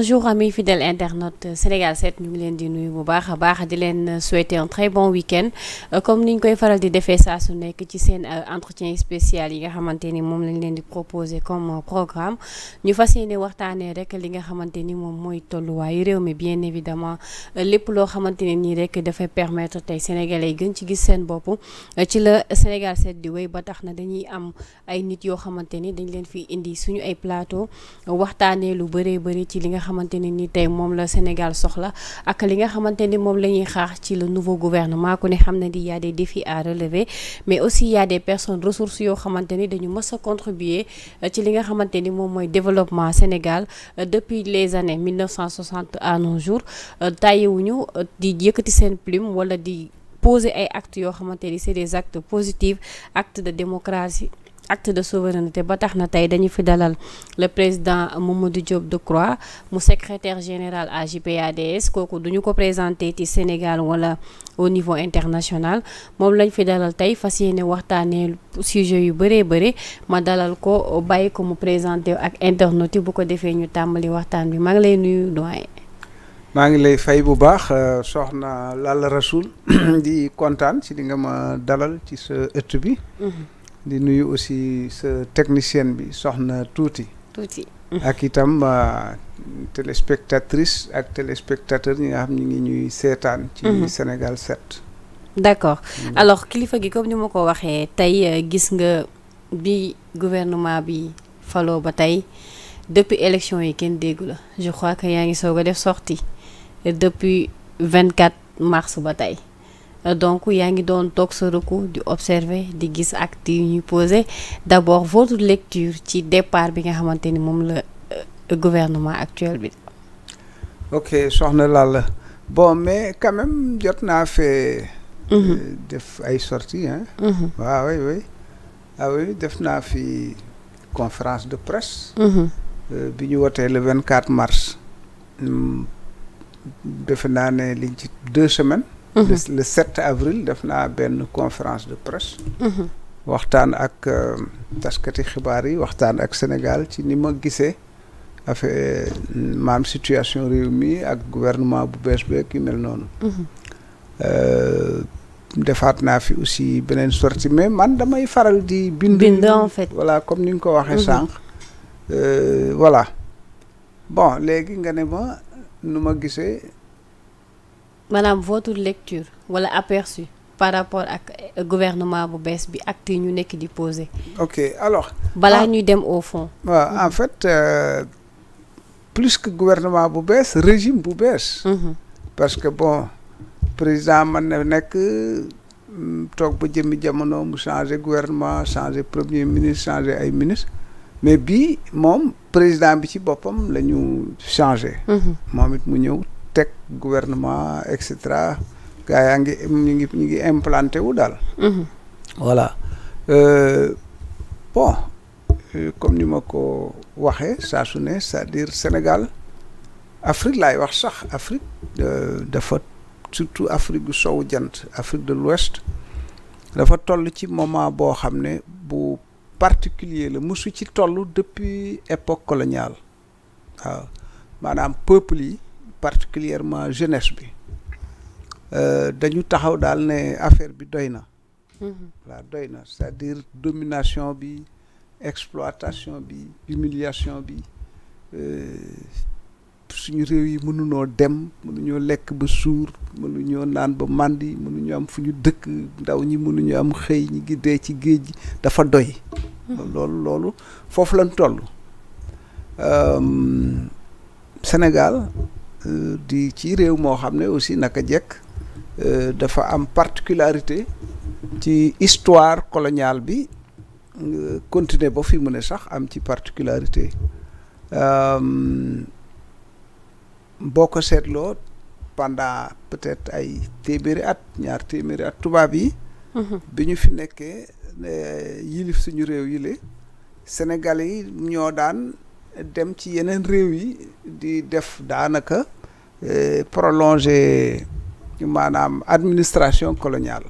bonjour amis fidèles internautes Sénégal 7 ñu leen di nuyu bu baax a baax di leen euh, souhaiter un très bon week euh, comme ni ñu koy faral di defee saa su nekk ci seen euh, entretien spécial yi nga xamante ni moom lañ leen di proposer comme programme ñu fas yéene waxtaanee rek li nga xamante ni moom mooy tolluwaayu réew mi bien évidemment lépp loo xamante ne nii rek dafay permettre tey sénégal yi gën ci gis seen bopp ci la Sénégal 7 di wéy ba tax na dañuy am ay nit yoo xamante ni dañ leen fi indi suñu ay plateau waxtaanee lu bëree bëri ci li nga xamante ne ni tey moom la Sénégal soxla ak li nga xamante ni moom la ñuy xaar ci le nouveau gouvernement ku ne xam na di a des défis à mais aussi y a des personnes ressources yoo xamante ni dañu mës a contribuer euh, ci li nga xamante ni moom mooy développement Sénégal euh, depuis les années 1960 à nos jours euh, tàyyiwuñu di yëkkati seen plume wala di poser ay actes yoo xamante ni c'est des actes positifs actes de démocratie acte de souveraineté ba tax na tey dañu fi dalal le président Mamadou de Decroix mu secretaire général AJPADS kooku duñu ko présenté ci Sénégal wala au niveau international moom lañ fi dalal tey fas yéene waxtaanee sujet yu bëree bëri ma dalal ko bàyyi ko mu présenté ak internautes bu ko defee ñu tàmbali waxtaan bi maa ngi lay nuyu doyen. maa ngi lay fay bu baax euh, soxna Lalla Rasoul di kontaan ci li nga ma dalal ci sa ëtt bi. Mhm. di nuyu aussi sa technicienne bi soxna tuuti. tuuti. ak itam ah, téléspectatrice ak téléspectateur ñi nga xam ñu ngi ñuy seetaan. ci mhm. Sénégal 7. d'accord mhm. alors kilifa gi comme ni ma ko waxee tey euh, gis nga bi gouvernement bi falo ba tey depuis élection yi kenn déggu la je crois que yaa ngi soog a def sortie euh, depuis 24 mars ba tey. donc yaa ngi doon toog sa recours di observer di gis ak yi ñuy posé d'abord votre lecture ci départ bi nga xamante ni moom la euh, gouvernement actuel bi ok soxna Lalla bon mais quand même jot naa fee mhm. euh, def ay sorties hein waaw mhm. ah oui oui ah oui def naa fi conférence de presse mhm. euh, bi ñu wotee le vingt quatre mars hmm, defe naa ne liñ ci deux semaines Mhm. le 7 avril def naa benn conférence de presse. Mhm. waxtaan ak euh, taskati xibaar yi waxtaan ak Sénégal ci ni ma gisee affaire maam situation réew mi ak gouvernement bu bees beeg yu mel noonu. Mhm. Euh, defaat naa fi aussi beneen sortie mais man damay faral di. bind en fait comme ni nga ko waxee sànq. Euh, voilà bon léegi nga ne ma nu ma gisee. maanaam votre lecture wala aperçu par rapport ak euh, gouvernement bu bees bi acte ñu nekk di poser ok alors balaa ñuy dem au fond en mhm. fait euh, plus que gouvernement bu bees régime bu bees mhm. parce que bon président man na nekk mm, toog ba jëmmi jamono mu changé gouvernement changé premier ministre changé ay ministre mais bii moom président bi ci boppam la ñu changé mhm. moom it mu ñëw teg gouvernement et cetera yaa ngi ñu ngi ñu ngi implanté wu daal. Mhm. voilà euh, bon euh, comme ni ma ko waxee saa su ne cest Sénégal Afrique laay wax sax Afrique euh, dafa surtout Afrique du sowu jant Afrique de l'Ouest dafa toll ci moment boo xam ne bu particulier la mosu ci toll depuis époque coloniale waaw maanaam peuple yi. particulièrement jeunesse bi euh, dañu taxaw daal ne affaire bi doy na waaw mhm. doy na c'est-à-dire domination bi exploitation bi humiliation bi euh, suñu réew yi mënuñoo dem mënuñoo lekk ba suur mënuñoo naan ba màndi mënuñu am fu ñu dëkk ndaw ñi mënuñu am xëy ñi ngi dee ci géej gi dafa doy mhm. loolu loolu foofu lañ toll euh, Sénégal Euh, di ci réew moo xam ne aussi naka jekk euh, dafa am particularité ci histoire coloniale bi euh, continuer ba fi mu ne sax am ci particularité boo ko seetloo pendant peut-être ay téeméeri at ñaar téeméeri at tubaab yi mhm. bi ñu fi nekkee yilif suñu réew yile Sénégal yi ñoo daan dem ci yeneen réew yi di def daanaka eh, prolonger maanaam administration coloniale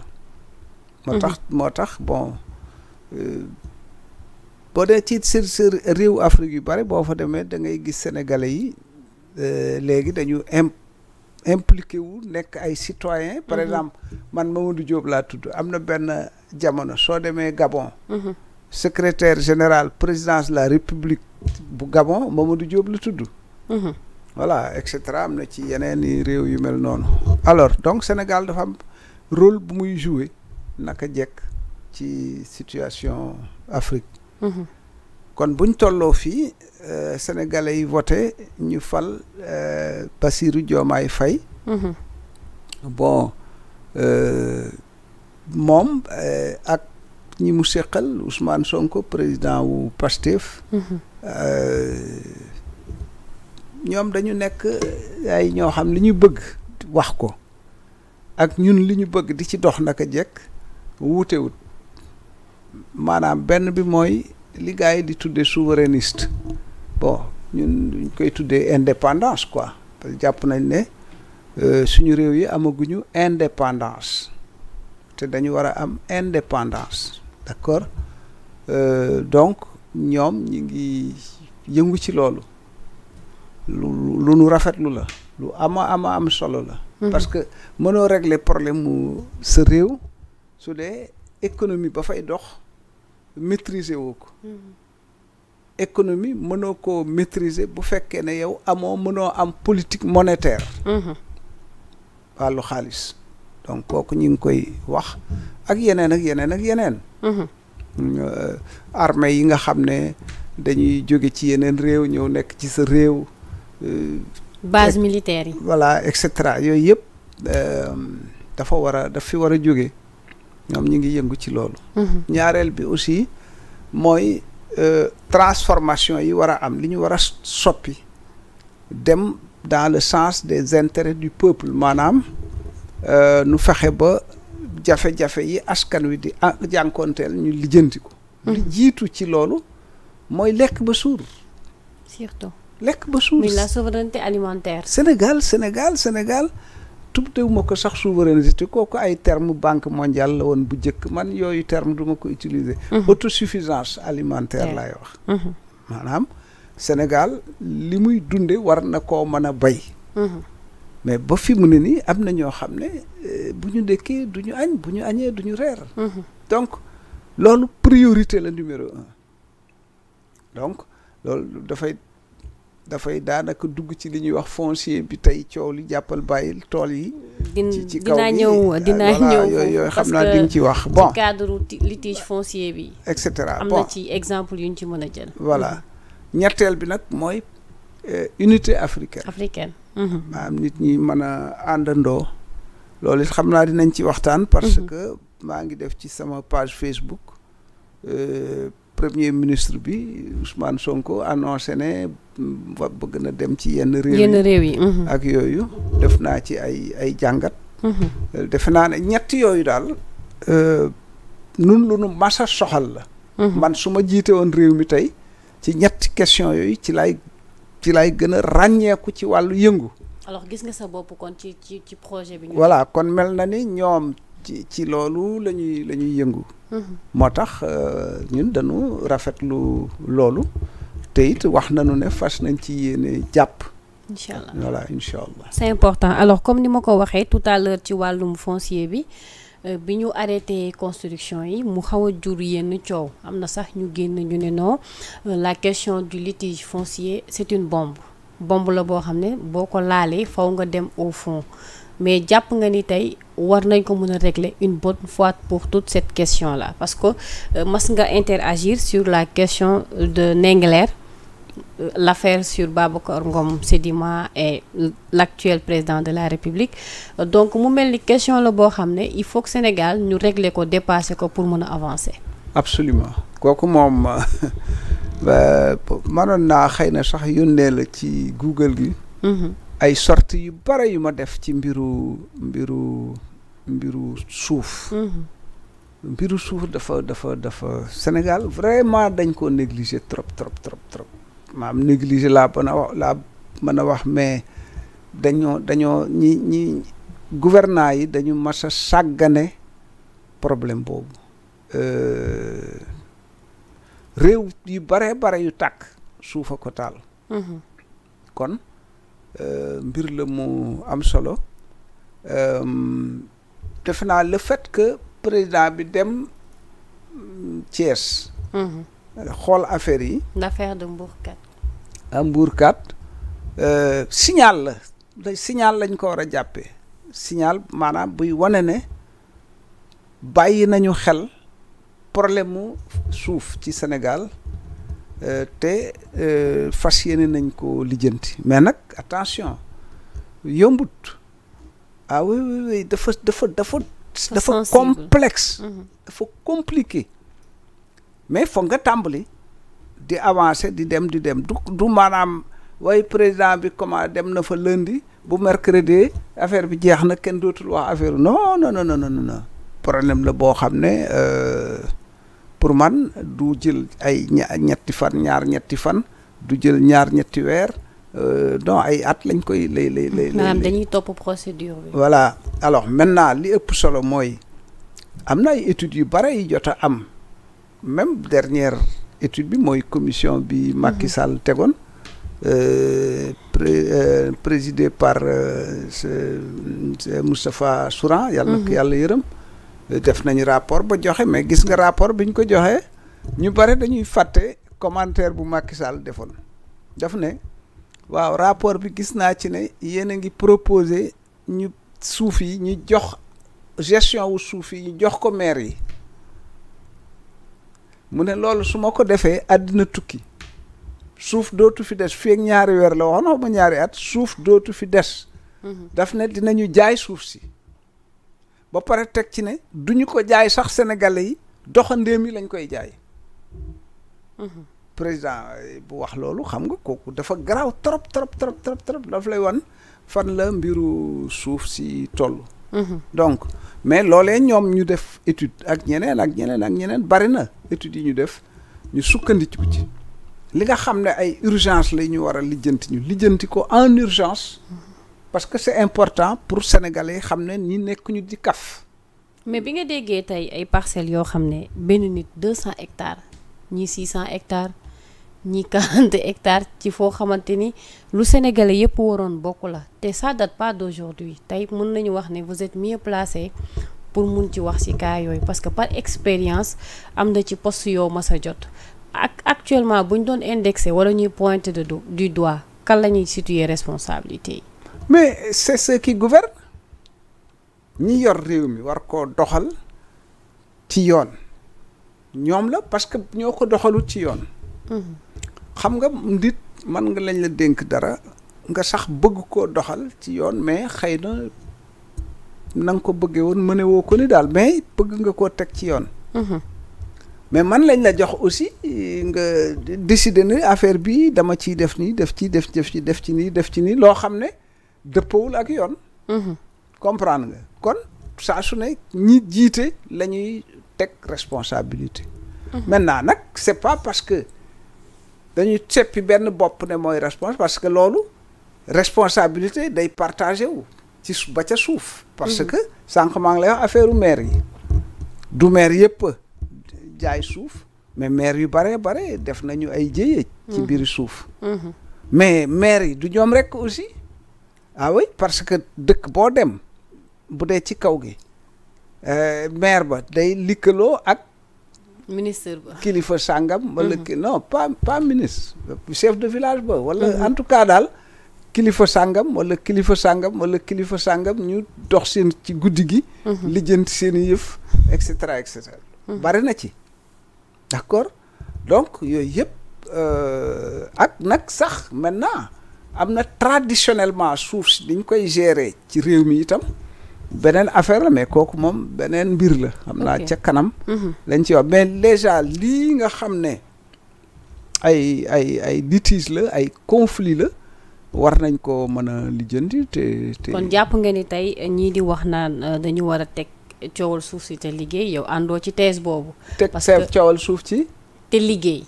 moo mhm. tax moo tax bon euh, boo dee ci sur réew Afrique yu bare boo fa demee da ngay gis sénégalais yi euh, léegi dañu imp impliqué nekk ay citoyen par mhm. exemple man Mamadou Diop laa tudd am na benn jamono soo demee Gabon mhm. secrétaire général présidence de la république bu Gabon Mamadou Diop la tudd. Mhm. voilà et am na ci yeneen i réew yu mel noonu. alors donc Sénégal dafa am rôle bu muy jouer naka jekk ci situation Afrique. Mhm. kon buñ tolloo fii euh, sénégalais yi voté ñu fal euh, Bassirou Diomaye Faye. Mhm. bon euh, moom ak. ñi mu seqal Ousmane Sonko président wu Pastef mhm. euh, ñoom dañu nekk ay ñoo xam li ñu bëgg wax ko ak ñun li ñu bëgg di ci dox naka jekk wuutewut maanaam benn bi mooy liggaay di tuddee souverainiste bon ñun duñ koy tuddee indépendance quoi parce jàpp nañ ne euh, suñu réew yi amaguñu indépendance te dañu war a am indépendance d'accord euh, donc ñoom ñi ngi yëngu ci loolu lu lu nu rafetlu la lu am ama am solo la mhm. parce que mënoo régler problème mu sa réew su dee économie ba fay dox maîtriser woo ko mhm. économie mënoo ko maîtriser bu fekkee ne yow amoo mënoo am politique monétaire mhm. wàllu xaalis donc kooku ñu ngi koy wax ak yeneen ak yeneen ak yeneen mhm. euh, armée yi nga xam ne dañuy jóge ci yeneen réew ñëw nekk ci sa réew euh, base militaire yi voilà et cetera yooyu yëpp euh, dafa war a daf war a jóge ñoom ñu ngi yëngu ci loolu mhm. ñaareel bi aussi mooy transformation yi war a am li ñu war a soppi dem dans le sens des intérêts du peuple maanaam Euh, nu fexe ba jafe-jafe yi askan wi di ah, jànkoonteel ñu lijjanti ko. li mhm. jiitu ci loolu mooy lekk ba suur. surtout lekk ba suur. la souveraineté alimentaire. Sénégal Sénégal Sénégal tuddewuma ko sax souveraineté kooku ay terme banque mondiale la woon bu njëkk man yooyu terme duma ko utiliser. Mhm. autosuffisance alimentaire laay wax. Mhm. maanaam Sénégal li muy dunde war na koo mën a bay. mais ba fi mu ne nii am na ñoo xam ne euh, bu ñu ndekkee du ñu añ bu ñu añee du ñu reer. Mhm. donc loolu priorité la numéro un. donc loolu dafay dafay daanaka dugg ci li ñuy wax foncier bi tey coow li jàppal bàyyil tool yi. ci ci kaw ah, dinaa ñëw dinaa ñëw yooyu xam naa di nga ci wax bon cadre litige foncier bi. et cetera am na ci exemple yu ñu ci mën a jël. voilà ñerteel bi nag mooy euh, unité africaine. africaine. Mm-hmm. maanaam nit ñi mën a àndandoo loolu xam naa dinañ ci waxtaan parce mm-hmm. que maa ngi def ci sama page Facebook euh, premier ministre bi Ousmane Sonko annoncé ne wa mm, bëgg na dem ci yenn réew yi mm-hmm. ak yooyu def naa ci ay ay jàngat euh, defe naa ne ñett yooyu daal euh, nun lu nu masa soxal la man su ma jiite woon réew mi tey ci ñett question yooyu ci laay ci lay gën a ràññeeku ci wàllu yëngu. alors gis nga sa bopp kon ci ci ci projet bi. voilà kon mel na ni ñoom ci loolu la la ñuy yëngu. Mhm. moo tax euh, ñun dañu lu loolu te it wax nañu ne fas nañ ci yéene jàpp. incha allah voilà incha allah. c'est important alors comme ni ma ko waxee tout ci wàllum foncier bi. Euh, bi ñu arrêté construction yi mu xaw a jur yenn coow am na sax ñu génn ñu ne non euh, la question du litige foncier c'est une bombe bomb la boo xam ne boo ko laalee faw nga dem au fond mais jàpp nga ni tey war nañ ko mën a régler une bonne fois pour toute cette question la parce que euh, mas nga interagir sur la question de Ndingler l'affaire sur Babacar Ngom Sedima e l'actuel président de la République donc mu mel ni question la boo xam ne il faut que Sénégal ñu régler ko dépasser ko pour mën a avancer. absolument kooku moom mënoon naa xëy na sax yónnee la ci Google gi. Mhm. ay sort yu bare yu ma def ci mbiru mbiru mbiru suuf. Mhm. mbiru suuf dafa dafa dafa Sénégal vraiment dañ ko négliger trop trop trop trop. maam négligé laa mën a wax laa mën a wax mais dañoo dañoo ñi ñi gouvernants yi dañu mas a sàggane problème boobu euh, réew yu bare bare yu tàkk suufa ko taal mm-hmm. kon euh, mbir la mu am solo euh, defe naa le fait que président bi dem Thiès mm-hmm. xool affaire yi. l'affaire de Mbourkat. ah Mbourkat euh, la da signal lañ ko war a jàppe signal maanaam buy wane ne bàyyi nañu xel problème mu suuf ci Sénégal euh, te euh, fas yéene nañ ko lijjanti mais nag attention yombut ah oui oui dafa dafa dafa. complexe. Mm-hmm. dafa compliqué. mais foog nga tàmbali di avancer di dem di dem du du maanaam way président bi comment dem na fa lundi bu mercredi affaire bi jeex na kenn dootul wax affaire non non non non problème la boo xam ne euh, pour man du jël ay ñetti fan ñaar ñetti fan du jël ñaar ñetti weer euh, non ay at lañ koy lay lay lay. maanaam dañuy topp procédure bi. voilà alors maintenant li ëpp solo mooy am na ay études yu bare yu jot a am. même dernière étude bi mooy commission bi Macky mhm. Sall tegoon euh, pré euh, présidé par euh, Moustapha Souran yàlla na mhm. yàlla yërëm def nañu rapport ba joxe mais gis nga rapport bi ñu ko joxe ñu bare dañuy fàtte commentaire bu Macky Sall defoon daf ne waaw rapport bi gis naa ci ne yéen a ngi proposé ñu suuf yi ñu jox gestion wu suuf yi ñu jox ko maire yi mu ne loolu su ma ko defee àddina tukki suuf dootu fi des fii ñaari weer la waxoon na ma ñaari at suuf dootu fi des mhm. daf ne dinañu jaay suuf si ba pare teg ci ne duñu ko jaay sax sénégalais yi doxandéem yi lañ koy jaay mhm. président eh, bu wax loolu xam nga kooku dafa garaaw trop trop trop trop trop daf lay wan fan la mbiru suuf si toll mhm. donc mais loolee ñoom ñu def étude ak ñeneen ak ñeneen ak ñeneen bari na études yi ñu def ñu sukkandiku ci li nga xam ne ay urgence la ñu war lijjanti ñu lijjanti ko en urgence parce que c'est important pour sénégalais xam ne ñi nekkuñu di kaf mais bi nga déggee tey ay parcelles yoo xam ne benn nit deux cent hectares ñii six cent hectares ñi quarante hectares ci foo xamante ni lu sénégalais yëpp waroon bokk la te ça date pas d'aujourd'hui tey mën nañu wax ne vous êtes mieux placé pour mun ci wax ci cas yooyu parce que par expérience am na ci poste yoo mas a jot ak actuellement bu ñu doon indexé wala ñuy pointer de du doigt kan la ñuy situer responsabilité yi. mais c'est ce qui gouverne ñi yor réew mi war koo doxal ci yoon ñoom la parce que ñoo ko doxalut ci yoon. Mhm. xam nga nit man nga lañ la dénk dara nga sax bëgg koo doxal ci yoon mais xëy na na ko bëggee woon mëne woo ko ni daal mais bëgg nga koo teg ci yoon mhm. mais man lañ la jox aussi nga décider ne affaire bi dama ciy def nii def ci def def ci def ci nii def ci nii loo xam ne dëppawul ak yoon mhm. comprendre nga kon saa su ne ñi jiite la ñuy teg responsabilité mhm. maintenant nag c'est pas parce que dañuy seppi benn bopp ne mooy responsable parce que loolu responsabilité day partagé wu ci ba ca suuf parce mhm. que sànq maa ngi lay affaire maire yi du maire yëpp jaay suuf mais maire yu bare bare def nañu ay jéyee ci mhm. biir suuf mhm. mais maire yi du ñoom rekk aussi ah parce que dëkk boo dem bu dee ci kaw gi euh, maire ba day likkaloo ak ministre kilifa sàngam. wala mhm. ki non pas pas ministre. chef de village ba. wala mhm. en tout cas daal kilifa sàngam wala kilifa sàngam wala kilifa sàngam ñu dox seen ci guddi gi. Mhm. lijjanti seen i yëf et cetera et cetera. bari na ci d'accord donc yooyu yëpp euh, ak nag sax maintenant am na traditionnellement suuf si dañ koy gérer ci réew mi itam. beneen affaire la mais kooku moom beneen mbir la xam naa ca kanam mhm. lañ ci wax mais déjà lii nga xam ne ay ay ay litige la ay conflie la war nañ ko mën a lijjanti te te kon jàpp nga ni tey ñii di wax naan euh, dañu war a teg coowal suuf si te liggéey yow àndoo ci thèse boobu teg coowal suuf ci te liggéey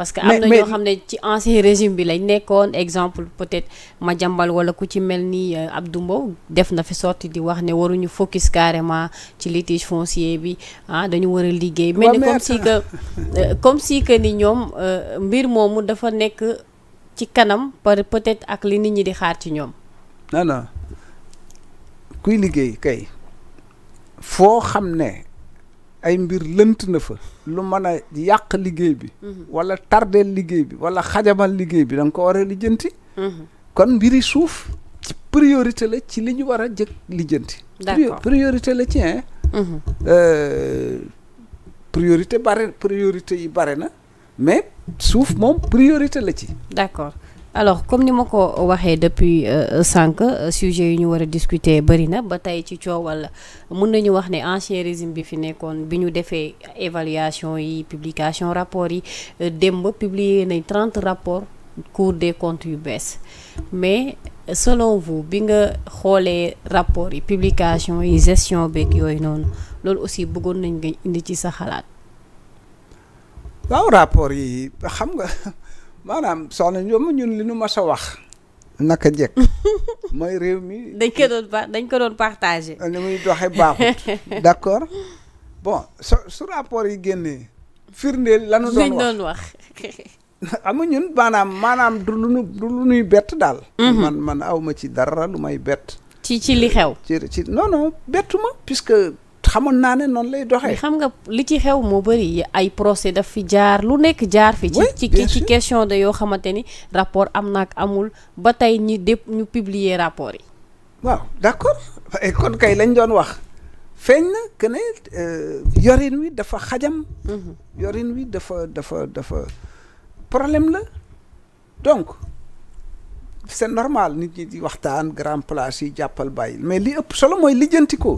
parce que am na ñoo xam ne ci ancien régime bi lañ nekkoon exemple peut-être Madiambal wala ku ci mel ni euh, ab dumbo def na fi sorti di wax ne waruñu focus carrément ci litige foncier bi ah dañu war a liggéey mel ni comme si euh, comme si ni ñoom euh, mbir moomu dafa nekk ci kanam par peut-être ak li nit ñi di xaar ci ñoom non non kuy liggéey kay foo xam ne ay mbir lënt na fa lu mën a yàq liggéey bi mhm. wala tardeel liggéey bi wala xajamal liggéey bi da nga ko war a lijjanti mhm. kon mbiri suuf ci priorité la ci li ñu war a jëkk lijjanti priorité la ci hein mhm. euh, priorité bare priorité yi bare na mais suuf moom priorité la ci d'accord alors comme ni ma ko waxee depuis euh, sànq sujet yu ñu war a discuter bëri na ba tey ci coowal mun nañu wax ne ancien résime bi fi nekkoon bi ñu defee évaluation yi publication rapport yi euh, démb publier nañ 30 rapports cour des comptes yu bees mais selon vous bi nga xoolee rapport yi publication yi gestion beeg yooyu noonu loolu aussi bëggoon nañ nga indi ci sa xalaat waaw rapport yi xam nga maanaam soxna ñoom ñun li nu mas a wax. naka jekk mooy réew mi. dañ ko doon dañ ko doon partagé. ni muy doxee baaxut d' accord bon su su rapport yi génne firndeel lanu nu doon wax amu ñun maanaam maanaam du lu nu nuy bett daal. Mhm. man man awma ci dara lu may bett. ci ci li xew. ci ci non non xamoon naa ne noonu lay doxee. xam nga li ci xew moo bari ay procès daf fi jaar lu nekk jaar fi. ci ci question de yoo xamante ni rapport am na ak amul ba tey ñi dépp ñu publier rapport yi. waaw d'accord kon kay lañ doon wax feeñ na que ne euh, yorin wi dafa xajam. Mhm. yorin wi dafa dafa dafa problème la donc. seen normal nit ñi di waxtaan grand place yi jàppal bàyyil mais li ëpp solo mooy lijjanti ko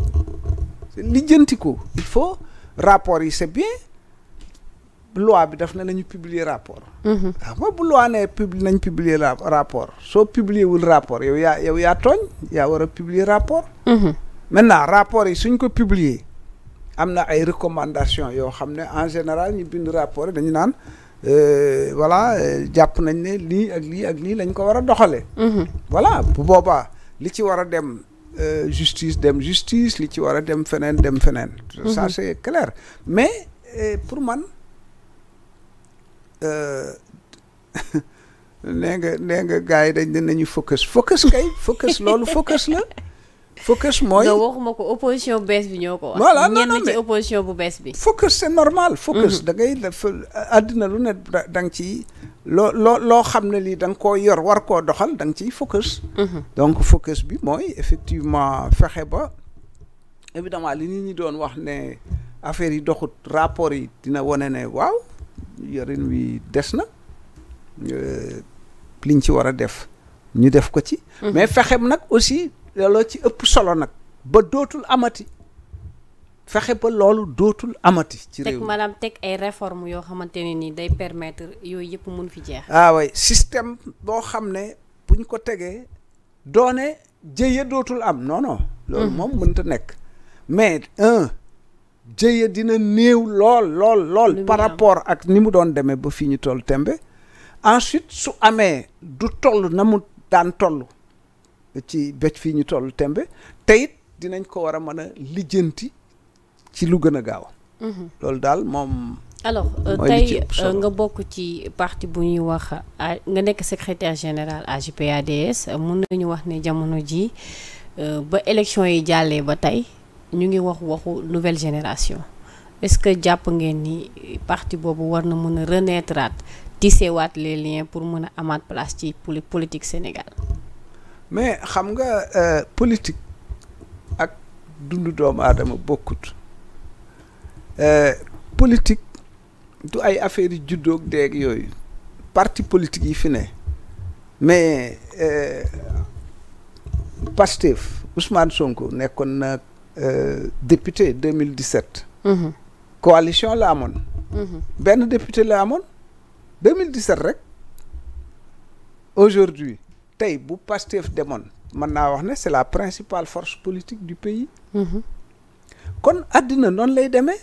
lijjanti ko il faut rapport yi c'est bien loi bi daf na nañu publier rapport waaw mhm. ah, mooy bu loi ne publier nañ publier rapport soo publier wul rapport yow yaa tooñ yaa war a publier rapport mhm. maintenant rapport yi suñ ko publier am na ay recommandation yoo xam ne en général ñu bind rapport yi dañu naan euh, voilà euh, jàpp nañ ne lii lii lañ ko war a doxale mhm. voilà bu boobaa li ci war dem Euh, justice dem justice li ci war a dem feneen dem feneen. Mhm. ça c'est clair mais euh, pour man euh, nee nga nee nga gars yi dañ ne nañu focus focus kay focus loolu focus la. focus mooy nga waxuma ko opposition bu bees bi ñoo ko wax. voilà non non mais ci opposition bu bees bi. focus c'est normal. focus mhm. da ngay def àddina lu ne da ci loo loo loo xam ne lii da nga koo yor war koo doxal da nga ciy focus. Mm-hmm. donc focus bi mooy effectivement fexe ba évidemment li nit ñi doon wax ne affaire yi doxut rapport yi dina wane ne waaw yorin wi des na euh, liñ ci war a def ñu def ko ci. Mm-hmm. mais fexem nag aussi looloo ci ëpp solo nag ba dootul amati. fexe ba loolu dootul amati. ci réew mi teg ay réformes yoo xamante ne ni day permettre yooyu yëpp mun fi jeex. ah oui boo xam ne bu ko tegee doone jëye dootul am non loolu mm. moom mënta nekk mais un jëye dina néew lool lool lool. par rapport ak ni mu doon demee ba fii ñu toll tembe. ensuite su amee du toll na mu daan toll ci bëj fii ñu toll tembe te it dinañ ko war a mën a lijjanti. ci lu gën a gaaw. Mhm. loolu daal moom. alors euh, tey euh, nga bokk ci parti bu ñuy wax ah, nga nekk secrétaire général AJ/PADS mun nañu wax ne jamono ji euh, ba élection yi jàllee ba tey ñu ngi wax waxu nouvelle génération est-ce que jàpp ngeen ni parti boobu war na mën a renaître waat les lien pour mën a amaat place ci politique Sénégal. mais xam nga politique ak dundu doomu aadama bokkut. Euh, politique du ay affaires yi juddoog deeg yooyu parti politique yi fi ne mais euh, Pastef Ousmane Sonko nekkoon na euh, député 2017. Mm-hmm. coalition la amoon. Mm-hmm. benn député la amoon 2017 rek aujourd'hui tey bu Pastef demoon mën naa wax ne c'est la principale force politique du pays. Mm-hmm. kon addina noonu lay demee.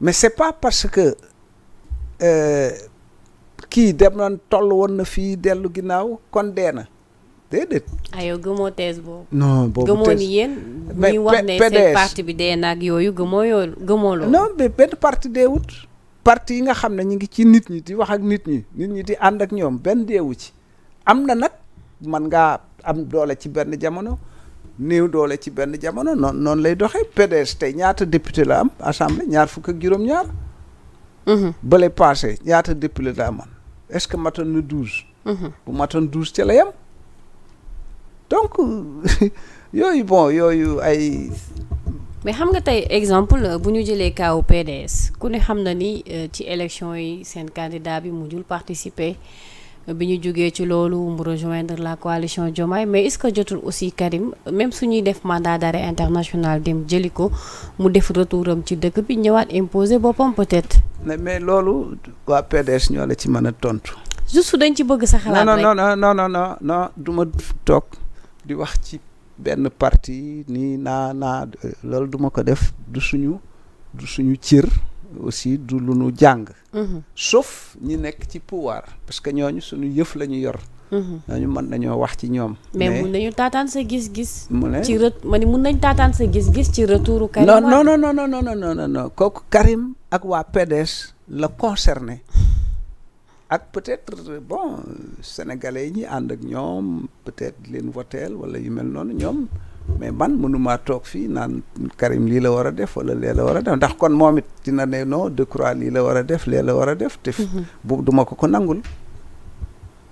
mais c'est pas parce que euh, kii dem na toll woon na fii dellu ginnaaw kon dee na déedéet. aywa ah, gëmoo thèse boobu. non gëmoo ni yéen. mais ñuy wax ne seen parti bi dee na ak yooyu gëmoo yoo gëmoo loolu. non benn parti deewut. parti yi nga xam ne ñu ngi ci nit ñi di wax ak nit ñi nit ñi di ànd ak ñoom benn deewu ci am na nag man ngaa am doole ci benn jamono. néew doole ci benn jamono noon noonu lay doxee PDS tey ñaata député la am assemblée ñaar fukk ak juróom-ñaar. Mhm. bële passé ñaata député la amoon est-ce que matoon na douze. Mhm. bu matoon douze ca la yem. donc yooyu bon yooyu ay. mais xam nga tey exemple bu ñu jëlee kaaw PDS ku ne xam na ni euh, ci élection yi seen candidat bi mujjul participer. bi ñu jógee ci loolu mu rejoindre la coalition Diomaye mais est que jotul aussi Karim même suñuy def mandat d'arrêt international dem jëli ko mu def retouram ci dëkk bi ñëwaat imposé boppam peut-être. mais mais loolu waa PDS ñoo la ci mën a tontu. juste dañ ci bëgg sa xalaat rek non non naa non non non du ma toog di wax ci benn parti nii naa naa loolu duma ko def du suñu du suñu cër. aussi du lu nu jàng. Mm-hmm. sauf ñi nekk ci pouvoir parce que ñooñu suñu yëf la ñu yor. Mm-hmm. ñooñu mën nañoo wax ci ñoom. mais mun nañu taataan sa gis-gis. ci ret ma ni mun nañu taataan sa gis-gis ci retouru. Karim non non non kooku Karim ak waa PDS la concerné ak peut-être bon sénégalais yi ñi ànd ak ñoom peut-être leen voteel wala yu mel noonu ñoom. mais man mënumaa toog fii naan Karim lii la war a def wala lee la war a def ndax kon moom it dina ne non de croix lii la war a def lee la war a def te mhm. bu duma ko ko nangul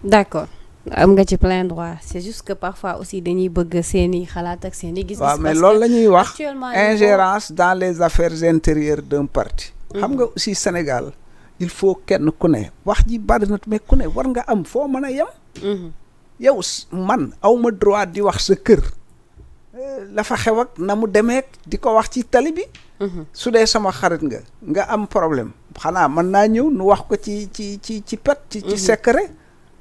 d'accord am nga ci plein droit c'est juste que parfois aussi dañuy bëgg seeni xalaat ak seeni gis-gis waaw mais loolu la ñuy wax ingérence dans les affaires intérieures d'un parti mhm. xam nga aussi Sénégal il faut kenn ku ne wax ji bari na mais ku ne war nga am foo mën a yem mhm. yow man awma droit di wax sa kër lafa fa xew ak na mu demee di ko wax ci tali bi. Mhm. su dee sama xarit nga nga am problème xanaa mën naa ñëw nu wax ko ci ci ci ci pet. ci ci mhm.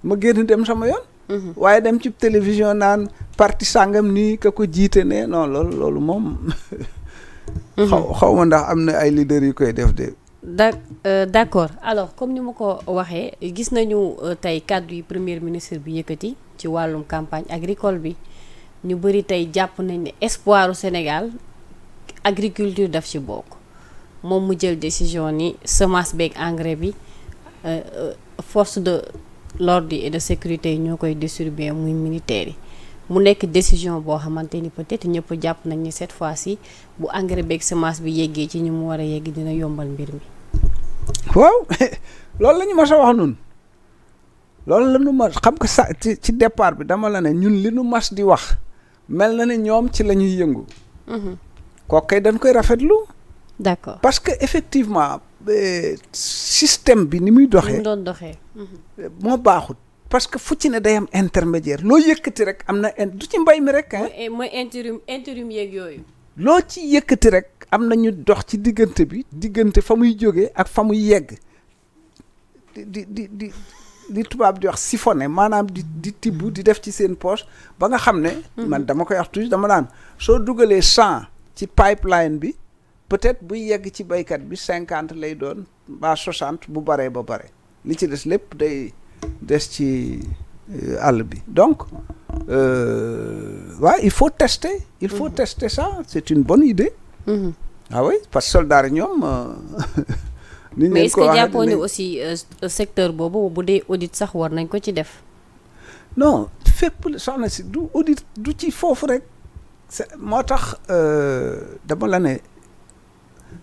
ma génn dem sama yoon. Mhm. waaye dem ci télévision naan parti sàngam nii ka ko jiite ne non loolu loolu moom. xaw xaw ma ndax am na ay leaders yu koy def de. da euh, d'accord alors comme ni ma ko waxee gis nañu euh, tey kàddu yi premier ministre bi yëkkati ci wàllum campagne agricole bi. ñu bëri tey jàpp nañ ne espoiru Sénégal agriculture daf ci bokk moom mu jël décision ni semence beeg engrais bi euh, euh, force de l'ordre et de sécurité yi ñoo koy distribuer muy militaires yi mu nekk décision boo xamante ni peut ñëpp jàpp nañ ni cette fois-ci bu engrais beeg semence bi yeggee ci ñu mu war a yegg dina yombal mbir mi. waaw loolu la ñu mas wax nun loolu la ñu xam nga sa ci départ bi dama la ne ñun li ñu mas di wax. mel na ne ñoom ci la ñuy yëngu. Mhm. kooku kay dañ koy rafetlu. d'accord parce que effectivement euh, système bi ni muy doxee. doon doxee. Mhm. moo baaxut. parce que fu ci ne day am intermédiaire loo yëkkati rek am na du ci mbay mi rek. mooy eh, mooy intérim intérim yeeg yooyu. loo ci yëkkati rek am na ñu dox ci diggante bi diggante fa muy jóge ak fa muy yegg di di di di. li tubaab di wax siphonné maanaam di di tibb di def ci seen poche ba nga xam ne. Mhm. man dama koy wax toujours dama naan soo dugalee cent ci pipeline bi peut-être buy yegg ci baykat bi cinquante lay doon ba soixante bu baree ba bare li ci des lépp day des ci euh, àll bi donc euh, waaw il faut tester. il faut mhm. tester ça c'est une bonne idée. Mhm. ah oui parce que soldats yi ñoom. Euh, ni mais est-ce que jàppoo ni aussi euh, secteur boobu bu dee audit sax war nañ ko ci def. non fépp soxna si du audit du ci foofu rek. moo tax euh, dama la ne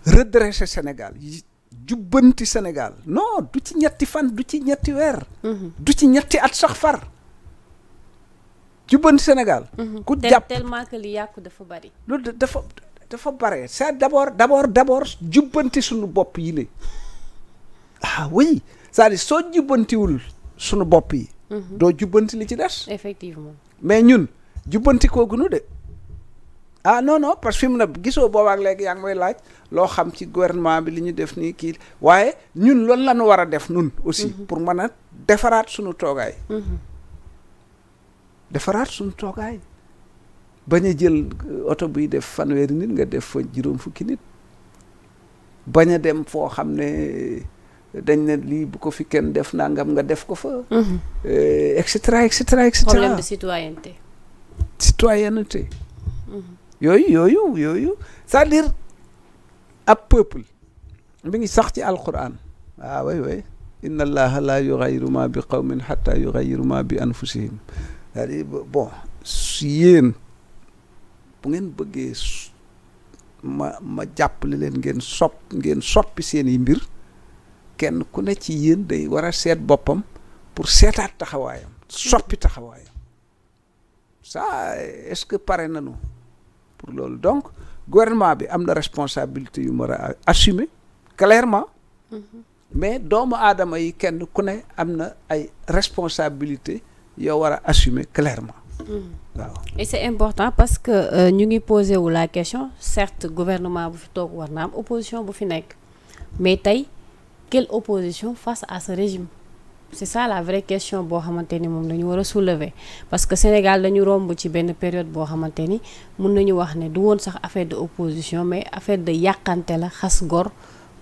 redresser Sénégal jubbanti Sénégal non du ci ñetti fan du ci ñetti weer. Mhm. du ci ñetti at sax far. jubbanti Sénégal. Mhm. ku jàpp tellement que li yàqu dafa bari. loolu dafa dafa bare c'est d'abord d'abord d'abord jubbanti suñu bopp yi ah oui cest à soo jubbantiwul sunu bopp yi. Mhm. doo jubbanti li ci des. effectivement mais ñun jubbanti kooku nu de ah non non parce que fi mu ne gisoo boobaak léegi yaa ngi may laaj loo xam ci gouvernement bi li ñu def nii kii waaye ñun loolu lañu war a def nun aussi mhm. pour mën a defaraat suñu toogaay. Mhm. defaraat sunu toogaay bañ jël oto buy def fanweeri nit nga def fa juróom fukki nit bañ dem foo xam ne. dañ ne lii bu ko fi kenn def nangam nga def ko fa. Mhm. Eh, et cetera et cetera mhm. yooyu yooyu yooyu c'est-à-dire peuple mi ngi sax ci alquran ah, waaw way way inna la yughayyiru ma bi qawmin hatta yughayyiru ma bi anfusihim cest yéen bu ngeen bëggee ma ma jàppale leen ngeen sopp ngeen soppi seeni mbir kenn ku ne ci yéen day war a seet boppam pour seetaat taxawaayam soppi taxawaayam ça est-ce que pare nañu pour loolu donc gouvernement bi am na responsabilité yu mar a assumer clairement mm-hmm. mais doomu aadama yi kenn ku ne am na ay responsabilité yoo war a assumer clairement mm-hmm. waaw et c'est important parce que euh, ñu ngi posé wu la question certes gouvernement bu fi toog war na am opposition bu fi nekk mais tey quelle opposition face à ce régime c'est ça la vraie question boo xamante ni moom dañu war a soulever parce que Sénégal dañu romb ci benn période boo xamante ni mun nañu wax ne du woon sax affaire de opposition mais affaire de yàqante la xas gor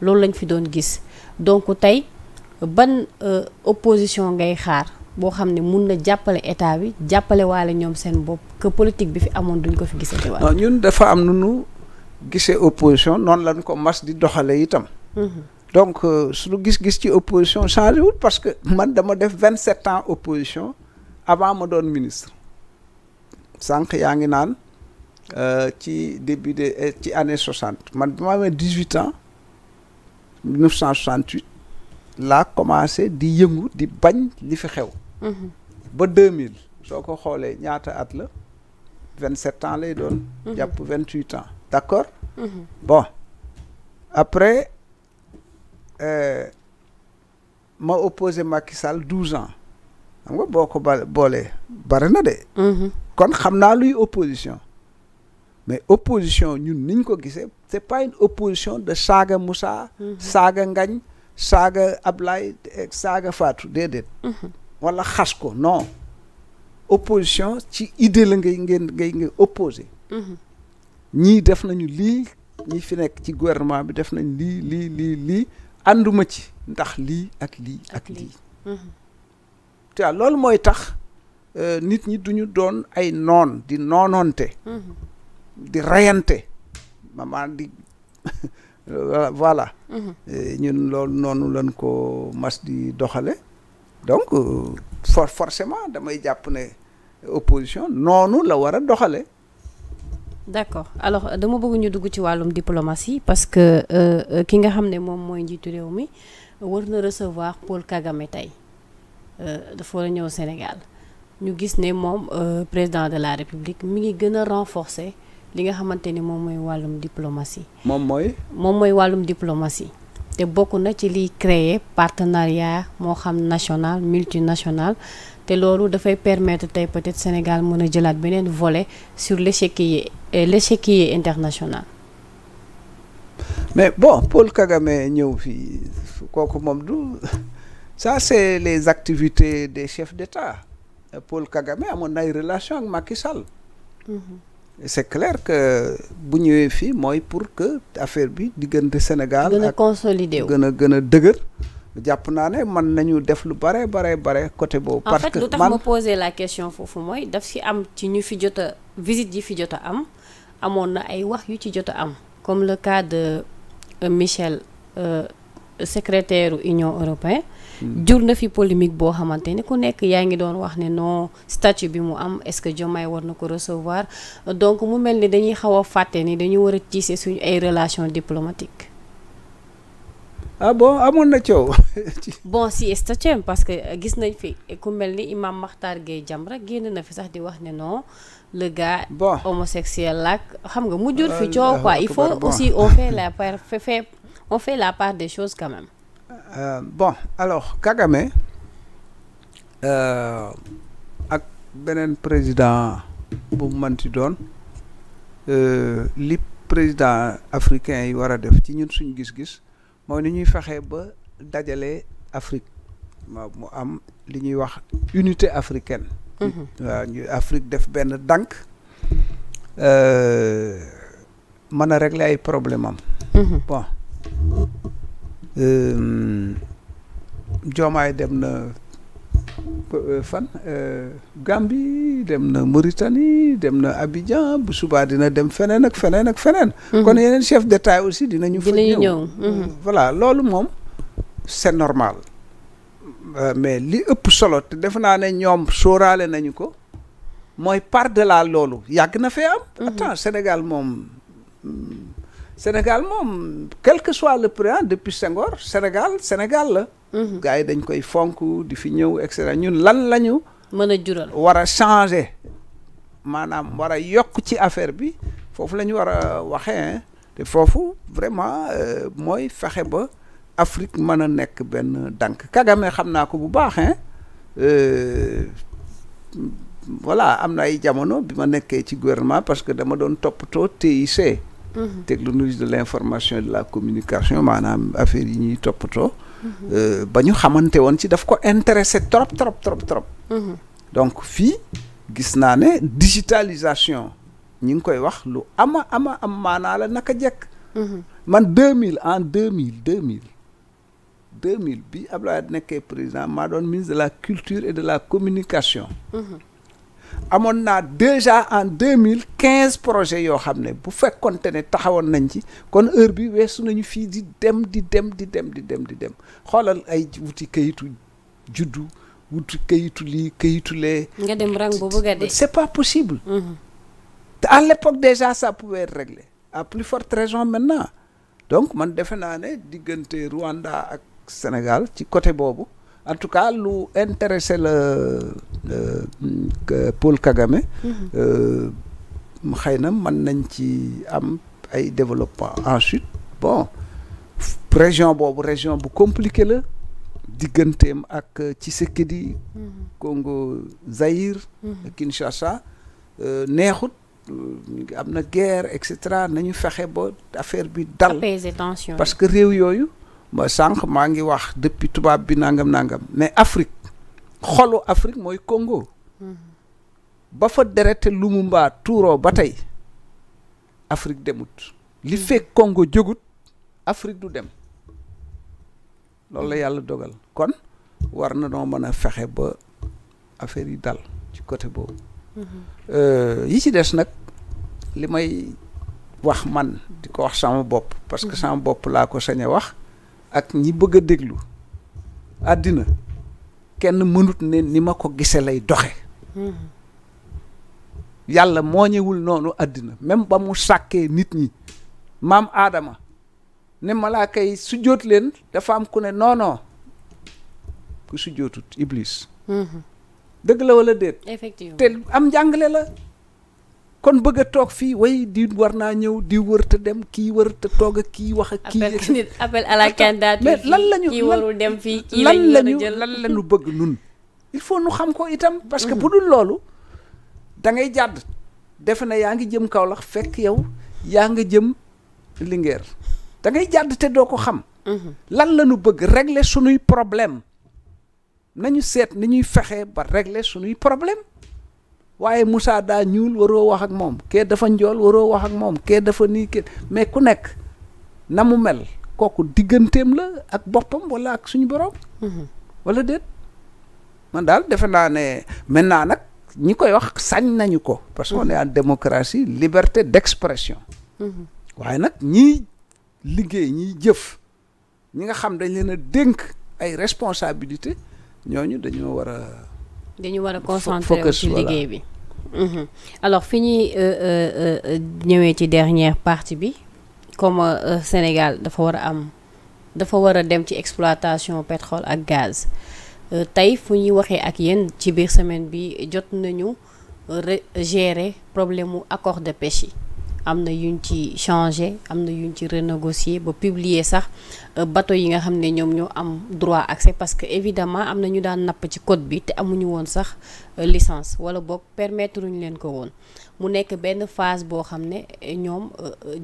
loolu lañ fi doon gis donc tey ban euh, opposition ngay xaar boo xam ne mun na jàppale état bi jàppalewaale ñoom seen bopp que politique bi fi amoon duñ ko fi gisati waat. ñun dafa am nu nu gisee opposition noonu lañ ko mas di doxale itam. Mm-hmm. donc euh, suñu gis-gis ci opposition changé wul parce que man dama def vingt sept ans opposition avant ma doon ministre sànq yaa ngi naan euh, ci début de euh, ci année soixante man bi ma amee dix huit ans laa commencé di yëngu di bañ li fi xew mhm. ba deux mille soo ko xoolee ñaata at la vingt sept ans lay doon mhm. jàpp vingt huit ans d'accord mhm. bon après Euh, ma opposé Macky Sall douze ans xam boo ko ba boolee bare na de mm-hmm. kon xam naa luy opposition mais opposition ñu niñ ko gisee c'est pas une opposition de saaga Moussa mm-hmm. saaga ngañ saaga Ablaye saaga Fatou déedéet mm-hmm. wala xas ko no opposition ci idée la ngay ngeen ngay ngay opposé ñii def nañu lii ñi fi ci gouvernement def nañ lii lii lii lii ànduma ci ndax lii ak lii ak lii mhm. te loolu mooy tax euh, nit ñi duñu doon ay noon di noonoonte mhm. di reyante maanaam di voilà mhm. euh, ñun loolu noonu lañ ko mas di doxale donc euh, for forcément damay jàpp ne opposition noonu la war a doxale d'accord alors euh, dama bëgg ñu dugg ci wàllum diplomatie parce que euh, euh, ki nga xam ne moom mooy njiitu réew mi war na recevoir Paul Kagame tey dafa war a ñëw Sénégal ñu gis ne moom président de la République mi ngi gën a renforcer li nga xamante ni moom mooy wàllum diplomatie. moom mooy. moom mooy wàllum diplomatie. te bokk na ci liy créer partenariat moo xam national multinational te loolu dafay permettre tey peut-être Sénégal mën a jëlaat beneen vole sur l'échiquier euh, l'échiquier international. mais bon Paul Kagame ñëw fii kooku moom du ça c'est les activités des chefs d'État Paul Kagame amoon nay relation ak Macky Sall. Mhm. c'est clair que bu ñëwee fii mooy pour que affaire bi diggante Sénégal. gën a consolider gën a gën a dëgër. jàpp naa ne mën nañu def lu bare bare bare côté boobu. parce que man lu tax ma posé la question foofu mooy daf si am ci ñu fi jot a visite yi fi jot a am amoon na ay wax yu ci jot a am. comme le cas de euh, Michel euh, secretaire Union européenne. Hmm. jur na fi polémique boo xamante ni ku nekk yaa ngi doon wax ne non statut bi mu am est-ce que Diomaye war na ko recevoir donc mu mel ni dañuy xaw a fàtte ni dañu war a tiise suñu ay relations diplomatiques. ah bon amoon na coow. bon si parce que eh, gis nañ fi eh, ku mel ni imam Makhtar Gueye Jamra génn na fi sax di wax ne non le gars. bon la xam nga mu jur fi coow il faut aussi on fait la part fait on la part des choses quand même. Euh, Kagame euh, ak beneen président bu mu mënti doon euh, li président africain yi war a def ci ñun suñ gis-gis. mooy ni ñuy fexe ba dajale Afrique waaw mu am li ñuy wax unité africaine. Mhm. waaw ñu Afrique def benn dànk euh, mën a régler ay problème am. Mhm. bon euh, dem na. Euh, fan euh, Gambie dem na Mauritanie dem na Abidjan bu subaa dina dem feneen ak feneen ak feneen. Mhm. kon yeneen chef d'État aussi dinañu. fa ñëw mhm. voilà loolu moom c'est normal. Euh, mais li ëpp solo te defe naa ne ñoom sóoraale nañu ko mooy par delà loolu yàgg na fee am. Mhm. attends Sénégal moom. Sénégal moom quel que soit le président depuis Senghor Sénégal Sénégal la. Mm-hmm. gars yi dañ koy fonk di fi ñëw et ñun lan lañu mën a jural war a changer maanaam war a yokk ci affaire bi foofu la ñu war a waxee te foofu vraiment euh, mooy fexe ba Afrique mën a nekk benn dànk Kagame xam naa ko bu baax euh, voilà am na ay jamono bi ma nekkee ci gouvernement parce que dama doon toppatoo TIC. Mm-hmm. technologie de l'information et de la communication maanaam affaire yi ñuy toppatoo. Euh, ba ñu xamante woon ci daf ko intéressé trop trop trop trop. Mhm. donc fii gis naa ne digitalisation ñi ngi koy wax lu ama ama am maanaa la a jekk. Mhm. man deux mille en deux mille deux mille. deux mille bi Abdoulaye nekkee président maa doon ministre de la culture et de la communication. Mhm. amoon naa déjà en deux mille quinze projet yoo xam ne bu fekkonte ne taxawoon nañ ci kon heure bi weesu nañu fii di dem di dem di dem di dem di dem xoolal ay wuti kayitu juddu wuti kayitu lii kayitu lee. nga dem rang bu bëgg a dee. c'est pas possible. Mhm. te à l'époque déjà ça pouvait être réglé à plus forte raison maintenant donc man defe naa ne diggante Rwanda ak Sénégal ci côté boobu. en tout cas lu intéressé la Paul Kagame mhm. euh, xëy na mën nañ ci am ay développement ensuite bon région boobu région bu compliqué la digganteem ak ci Tshisekedi mhm. Congo Zaïre mhm. Kinshasa euh, neexut euh, am na guerre et nañu fexe ba affaire bi dal parce que réew yooyu ma sànq maa ngi wax depuis tubaab bi nangam nangam mais Afrique xolu Afrique mooy Congo mm-hmm. ba fa derete mbaat tuuroo ba tey Afrique demut li mm-hmm. fekk Congo jógut Afrique du dem loolu la mm-hmm. yàlla dogal kon war na noo mën a fexe ba affaire yi dal ci côté boobu euh, yi ci des nag li may wax man di ko wax sama bopp parce que sama bopp laa ko sañ wax ak ñi bëgg déglu àddina kenn mënut ne ni ma ko gisee lay doxe mm-hmm. yàlla moo noonu àddina même ba mu sàkkee nit ñi maam aadama ne malaaka yi su jóot leen dafa am ku ne noonoo ku su jootut mm-hmm. dëgg la wala déet te am njàngale la kon bëgg a toog fii way di war naa ñëw di wër te dem kii wër te toog ak kii wax ak kii nit appel à la candidature mais lañu kii dem fii kii lan lañu lan lañu bëgg nun il faut nu xam ko itam parce que mhm. bu dul loolu da ngay jàdd defe na yaa ngi jëm Kaolack fekk yow yaa nga jëm Linguère da ngay jàdd te doo ko xam mhm. lan lañu bëgg régler sunuy problème nañu seet ni ñuy fexe ba régler sunuy problème waaye Moussa daa ñuul waroo wax ak moom kee dafa njool waroo wax ak moom kee dafa nii kee mais ku nekk na mu mel kooku digganteem la ak boppam walla ak suñu borom. Mhm. walla déet man daal defe naa ne maintenant nag ñi koy wax sañ nañu ko. parce que on est en démocratie liberté d'expression. Mhm. waaye nag ñiy liggéey ñiy jëf ñi nga xam dañ leen a dénk ay responsabilité ñooñu dañoo war a. dañu war a concentrer ci liggéey bi mhm. alors fi ñuy euh, euh, euh, ñëwee ci dernière partie bi comme Sénégal dafa war a am dafa war a dem ci exploitation pétrole ak gaz tey fu ñuy waxee ak yéen ci biir semaine bi jot nañu gérer problème mu accord de yi am na yuñ ci changé am na yuñ ci renégocier ba publier sax euh, bateau yi nga xam ne ñoom ñoo am droit accès parce que évidemment am na ñu daan napp ci côte bi te amuñu woon sax euh, licence wala boog permettre ñu leen ko woon mu nekk benn phase boo xam ne euh, ñoom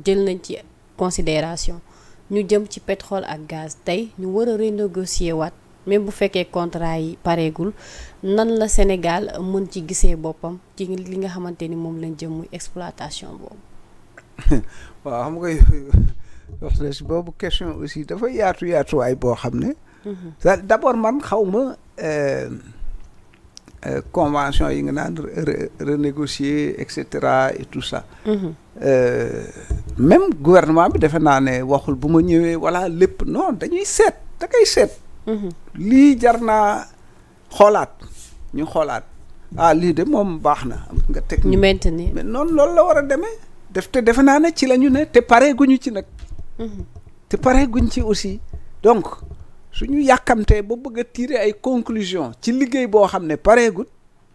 jël nañ ci considération ñu jëm ci pétrole ak gaz tey ñu war a renégocier waat mais bu fekkee contrat yi pareegul nan la Sénégal mën ci gisee boppam ci li nga xamante ni moom lañ jëm muy exploitation boobu waaw xam nga wax boobu question aussi dafa yaatu yaatuwaay boo xam ne. Mhm. d' abord man xaw ma euh, euh, convention yi nga naan renégocier et cetera et tout ça. Mhm. Euh, même gouvernement bi defe naa ne waxul bu ma ñëwee walla lépp non dañuy seet da kay seet. Mhm. lii jar naa xoolaat ñu xoolaat ah lii de moom baax na. nga teg ñu maintenir mais noonu loolu la war a demee. def te defe naa ne ci la ñu ne te pare guñu ci nag. Mhm. te pare guñ ci aussi donc su suñu yàkkamtee ba bëgg a tirer ay conclusion ci liggéey boo xam ne pareegut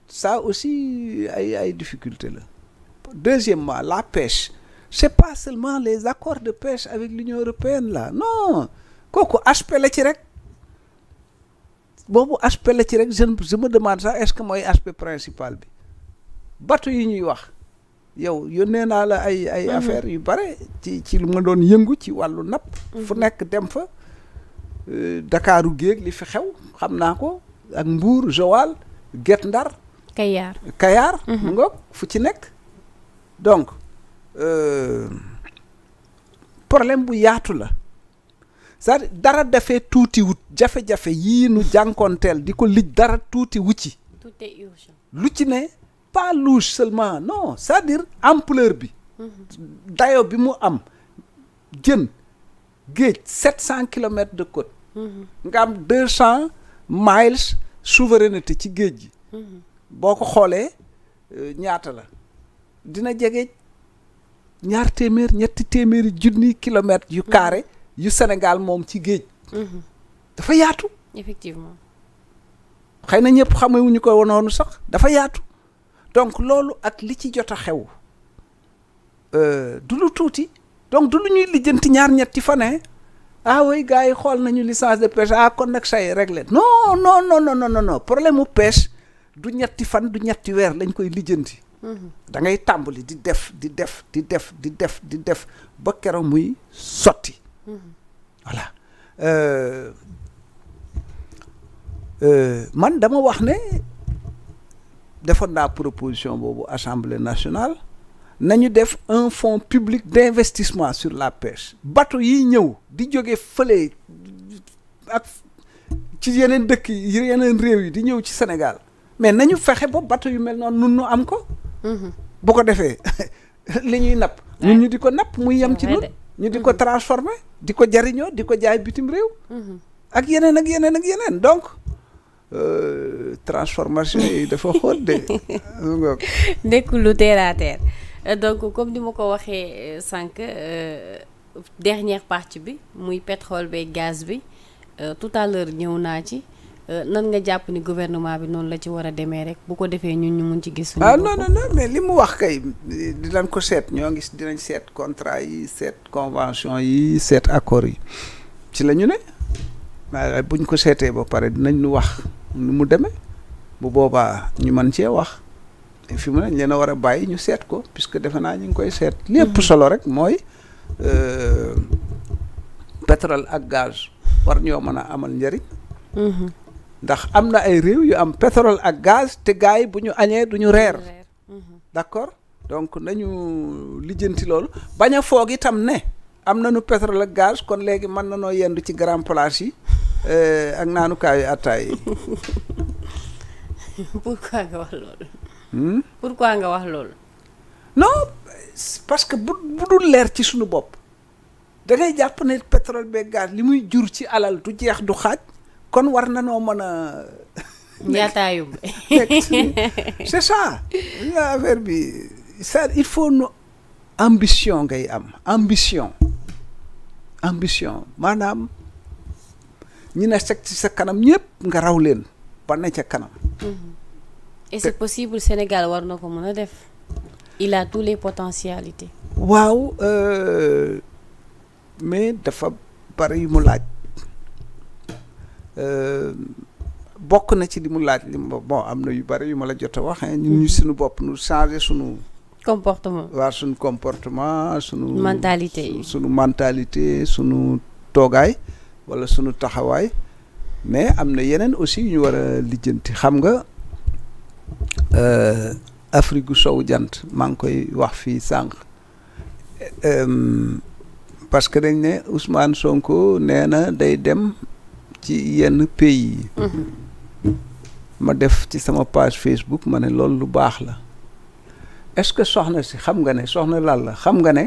ça aussi ay ay difficulté la. deuxièmement la pêche c'est pas seulement les accords de pêche avec l'Union européenne là non kooku aspect la ci rek boobu aspect la ci rek je je me demande sax est-ce que mooy aspect principal bi bateau yi ñuy wax. yow yónnee naa la ay ay mhm. affaire yu bare ci ci lu ma doon yëngu ci wàllu napp mhm. fu nekk dem fa euh, Dakaaru géeg li fi xew xam naa ko ak Mbuur Joal Guet Ndar Kayaar mhm. mu ngoog fu ci nekk donc euh, problème bu yaatu la sa dara dafee tuutiwut wut jafe-jafe yii nu jànkoonteel di ko lij dara tuuti ci lu ci ne pas louche seulement non c'est-à-dire ampleur bi dayo bi mu am jën géej sept cent kilomètres de côte nga am deux cent miles souveraineté ci géej gi boo ko xoolee euh, ñaata la dina jege ñaar téeméer ñetti téeméeri junni kilomètres yu carré yu Sénégal moom ci géej dafa yaatu effectivement xëy na ñëpp xamewuñu ko wonoonu sax dafa yaatu donc loolu ak li ci jot a xew euh, du lu tuuti donc du lu ñuy lijjanti ñaar ñetti fan hein ah oui gars yi xool nañu licence de pêche ah kon nag say réglé non non non non non non problème mu pêche du ñetti fan du ñetti weer lañ koy lijjanti. Mhm. da ngay tàmbali di def di def di def di def di def ba keroog muy sotti. Mhm. voilà euh, euh, man dama wax ne. defoon naa proposition boobu assemblée nationale nañu def un fonds public d'investissement sur la pêche bateau yi ñëw di jóge fële ak ci yeneen dëkk yi yeneen réew yi di ñëw ci Sénégal mais nañu fexe ba bateau yu mel noonu nun nu am ko mm-hmm. bu ko defee li ñuy napp ñun ñu di ko napp muy yem ci nun ñu di ko mm-hmm. transformer di ko jariñoo di ko jaay bitim réew mm-hmm. ak yeneen ak yeneen ak yeneen donc Euh, transformation yi dafa xóot de. nekkul lu terre donc comme ni ma ko waxee euh, sànq euh, dernière partie bi muy pétrole beeg gaz bi tout à l'heure ñëw naa ci nan nga jàpp ni gouvernement bi noonu la ci war a demee rek bu ko defee ñun ñu mun ci gis. suñu ah non li mu wax kay dinañ ko seet ñoo ngi dinañ seet contrat yi seet convention yi seet accords yi ci la ñu ne waaye buñ ko seetee ba pare dinañ ñu wax. mu demee bu boobaa ñu mën cee wax fi mu ne leen a war a bàyyi ñu seet ko puisque defe naa ñu ngi koy seet mm-hmm. lépp solo rek mooy euh, pétrole ak gaz war ñoo mën a amal njëriñ mm-hmm. ndax am na ay réew yu am petrole ak gaz te gars yi bu ñu añee du ñu reer mm-hmm. d'accord donc nañu lijjanti loolu bañ a foog itam ne am na nu pétrole ak gaz kon léegi mën na noo yendu ci grand place yi Eh, ak naanukaayu attaay yi. pourquoi nga wax loolu. Hmm? pourquoi nga wax loolu. non parce que bu bu dul leer ci suñu bopp dangay jàpp ne pétrole beeg gaz li muy jur ci alal du jeex du xaaj kon war na mën a. njaataayu c'est ça. affaire bi ça il faut nu ambition ngay am ambition ambition maanaam. ñu ne seg ci sa kanam ñëpp nga raw leen ba ne ca kanam. et c'est possible Sénégal war na ko mën a def. il a tous les potentialités. waaw euh, mais dafa bari yu mu laaj euh, bokk na ci li mu laaj li mu bon am na yu bari yu ma la jot a wax. ñun ñu mm-hmm. suñu bopp nu changer suñu. comportement waaw suñu comportement suñu. mentalité suñu mentalité suñu toogaay. wala sunu taxawaay mais am na yeneen aussi ñu wara a lijjanti xam nga euh, Afrique gu sow jant maa ngi koy wax fii sànq euh, parce que dañ ne Ousmane Sonko nee na day dem ci yenn pays mm-hmm. ma def ci sama page Facebook ma ne loolu lu baax la est-ce que soxna si xam nga ne soxna lan la xam nga ne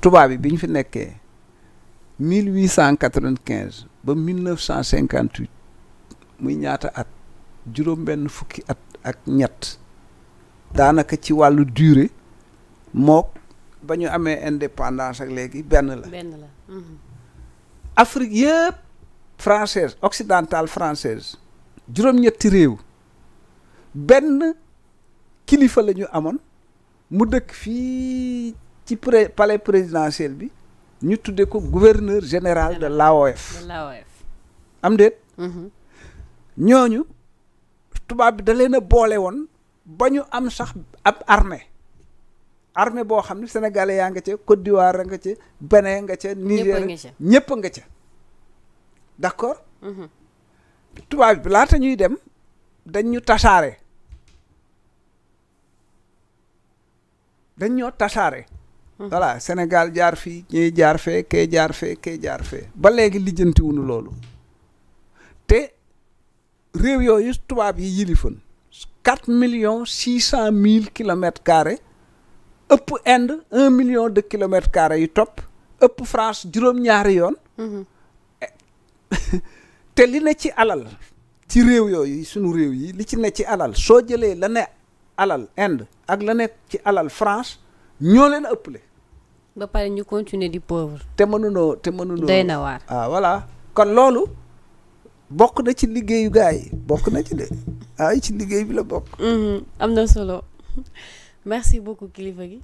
tubaab yi bi ñu fi nekkee. mille cent 1895 ba cent 1958 muy ñaata at juróom-benn fukki at ak ñett daanaka ci wàllu dure mook ba ñu amee indépendance ak léegi benn la. benn la. Mhm. Afrique yëpp française occidentale française juróom-ñetti réew benn kilifa la ñu amoon mu dëkk fii ci pré palais présidentiel bi. ñu tuddee ko gouverneur général de l'AOF am déet mm-hmm. ñooñu tubaab bi da leen a boole woon ba ñu am sax ab armée armée boo xam ne sénégalais yaa nga ca Côte d'Ivoire nga ca bene nga ca Niger ñépp nga ca d'accord mm-hmm. tubaab bi laata ñuy dem dañ ñu tasaare dañ ñoo tasaare voilà Sénégal jaar fii ñii jaar fee kee jaar fee kee jaar fee ba léegi lijjantiwuñu loolu te réew yooyu tubaab yi yilifan quatre millions six cent mille kilomètres carrés ëpp Inde un million de kilomètres carrés yu topp ëpp France juróom-ñaari yoon mhm. te li ne ci alal ci réew yooyu sunu réew yi li ci ne ci alal soo jëlee la ne alal Inde ak la ne ci alal France ñoo leen ëpple ba pare ñu continuer di pauvre. te mënunoo te mënunoo doy na waar. ah voilà kon loolu bokk na ci liggéeyu gars yi bokk na ci de ay ah, ci liggéey bi la bokk. Mhm, am na solo merci beaucoup kilifa gi.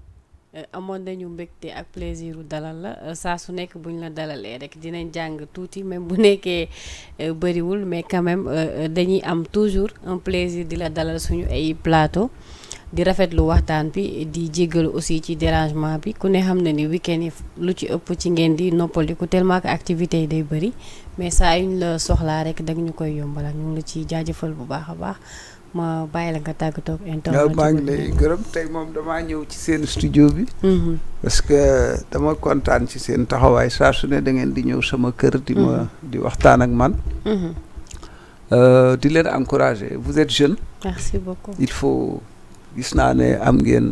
Euh, amoon nañu mbégte ak plaisir dalal la euh, saa su nekk bu ñu la dalalee rek dinañ jàng tuuti même bu nekkee euh, bëriwul mais quand même dañuy am toujours un plaisir di la dalal suñu ay plateau. di lu waxtaan bi di jéggalu aussi ci dérangement bi ku ne xam na ni week lu ci ëpp ci ngeen di noppaliku tellement que activités yi day bëri mais saa yuñ la soxlaa rek dag ñu koy yombalal ñu ngi la ci jaajëfal bu baax a ma bàyyi la nga tàggatoo internet maa ngi lay gërëm tey moom damaa ñëw ci seen studio bi mm-hmm. parce que dama kontaan ci seen taxawaay saa su ne da di ñëw sama kër di ma mm-hmm. di waxtaan ak man mm-hmm. euh, di leen encourager vous êtes jeune merci beaucoup gis naa ne am ngeen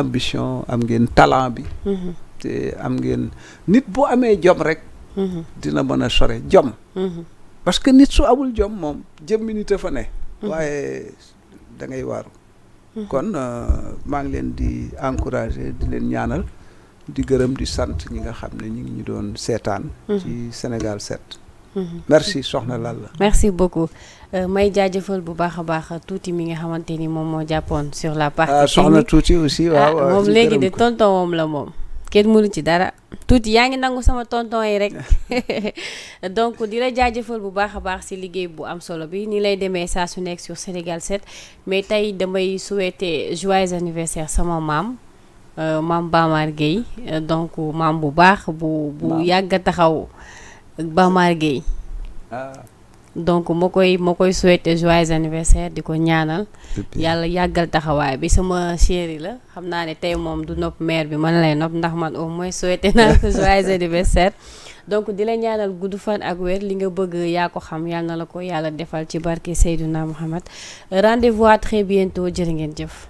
ambition am ngeen talent bi mm-hmm. te am ngeen nit bu amee jom rek mm-hmm. dina mën a sore jom mm-hmm. parce que nit su amul jom moom jëmmi nit a fa ne waaye dangay ngay waaru kon euh, maa ngi leen di encourager di leen ñaanal di gërëm di sant ñi nga xam ne ñi ngi ñu doon seetaan ci Sénégal 7 merci soxna Lalla. merci beaucoup euh, may jaajëfal bu baax a baax tuuti mi nga xamante ni moom moo jàppoon sur la partie. Ah, soxna tuuti aussi waaw. Ah, moom léegi de tonton moom la moom. kenn mënu ci dara tuuti yaa ngi nangu sama tonton yi rek donc di la jaajëfal bu baax a baax si liggéey bu am solo bi ni lay demee saa su nekk sur Sénégal set mais tey damay souhaiter joyeux anniversaire sama maam. Euh, maam Bamar Gueye euh, donc maam bu baax bu bu yàgg a taxaw. ak Bamar Gueye ah. donc ma koy moo koy souhaiter joyeux anniversaire di ko ñaanal yàlla yàggal taxawaay bi sama chéri la xam naa ne tey moom du nopp mère bi man lay nopp ndax man au moins souhaiter naa ko joyeux anniversaire donc di la ñaanal gudd fan ak wér li nga bëgg yaa ko xam yàlla na la ko yàlla defal ci barke Seydouna Mohamed rendez-vous à très bientôt jërë ngeen jëf